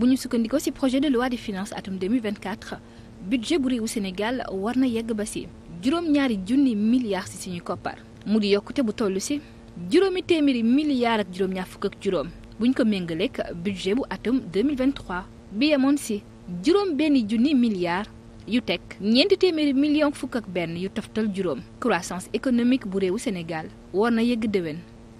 bu ñu sukkandikoo ci projet de loi de finances atum 2024 budget bu réewu Sénégal war na yegg ba si juróom-ñaari junni milliards ci suñu koppar mu di yokkute bu toll ci juróomi téeméeri milliards ak juróom-ñaar fukk ak juróom bu ñu ko méngaleek budget bu atum 2023 bi yemoon ci juróom benn junni milliards yu teg ñeenti téeméeri million fukk ak benn yu toftal juróom croissance économique bu réewu Sénégal war na yegg déwén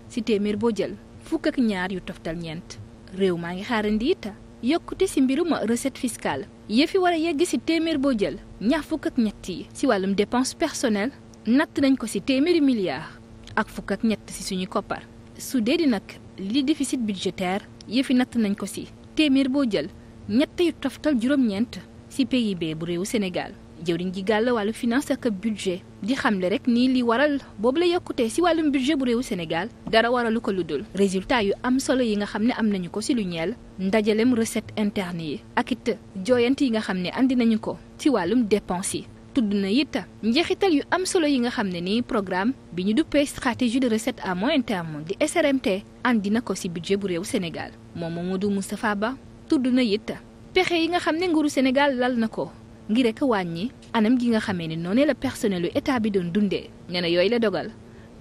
ci téeméer boo jël fukk ak ñaar yu toftal ñeent réew maa ngi xaarandi yokkute si mbirum recette fiscale yëfi war a yegg si téeméer boo jël ñax fukk ak ñett yi si wàllum dépense personnelle natt nañ ko si téeméeri milliards ak fukk ak ñett si suñu koppar su dee di nag li déficit budgétaire yëfi natt nañ ko si téeméer boo jël ñett yu toftal juróom-ñeent si PIB bu réewu Sénégal jëwriñ ji gàll wàllu finance ak budget di xamle rek nii li waral boobu la yokkutee si wàllum budget bu réewu Sénégal dara waralu ko lu dul résultat yu am solo yi nga xam ne am nañu ko si lu ñeel ndajalem recette interne yi ak it jooyant yi nga xam ne indi nañu ko ci wàllum dépense yi tudd na it njeexital yu am solo yi nga xam ne nii programme bi ñu duppee stratégie de recette à moyen terme di SRMT andi na ko si budget bu réew Sénégal moom Mamadou Moustapha Ba tudd na it pexe yi nga xam ne nguuru Sénégal lal na ko ngir rek wàññi anam gi nga xamee ne noonu la personnel état bi doon dundee nee na yooyu la dogal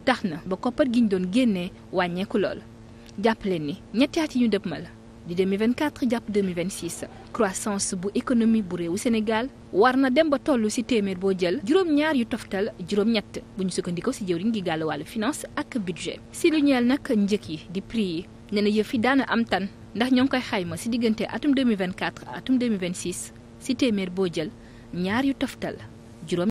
tax na ba koppar gi ñu doon génnee wàññeeku lool jàppaleen ni ñetti at yi ñu dëppmal di 2024 jàpp 2026 croissance bu économie bu réewu Sénégal war na dem ba toll ci téeméer boo jël juróom-ñaar yu toftal juróom-ñett bu ñu sukkandikoo ci jëwriñ gi gàll wàllu finance ak budget ci lu ñeel nag njëg yi di prix yi nee na yëf yi daana am tan ndax ñoo ngi koy xayma ci diggante atum 2024 atum 2026 si téeméer boo jël ñaar yu toftal juróom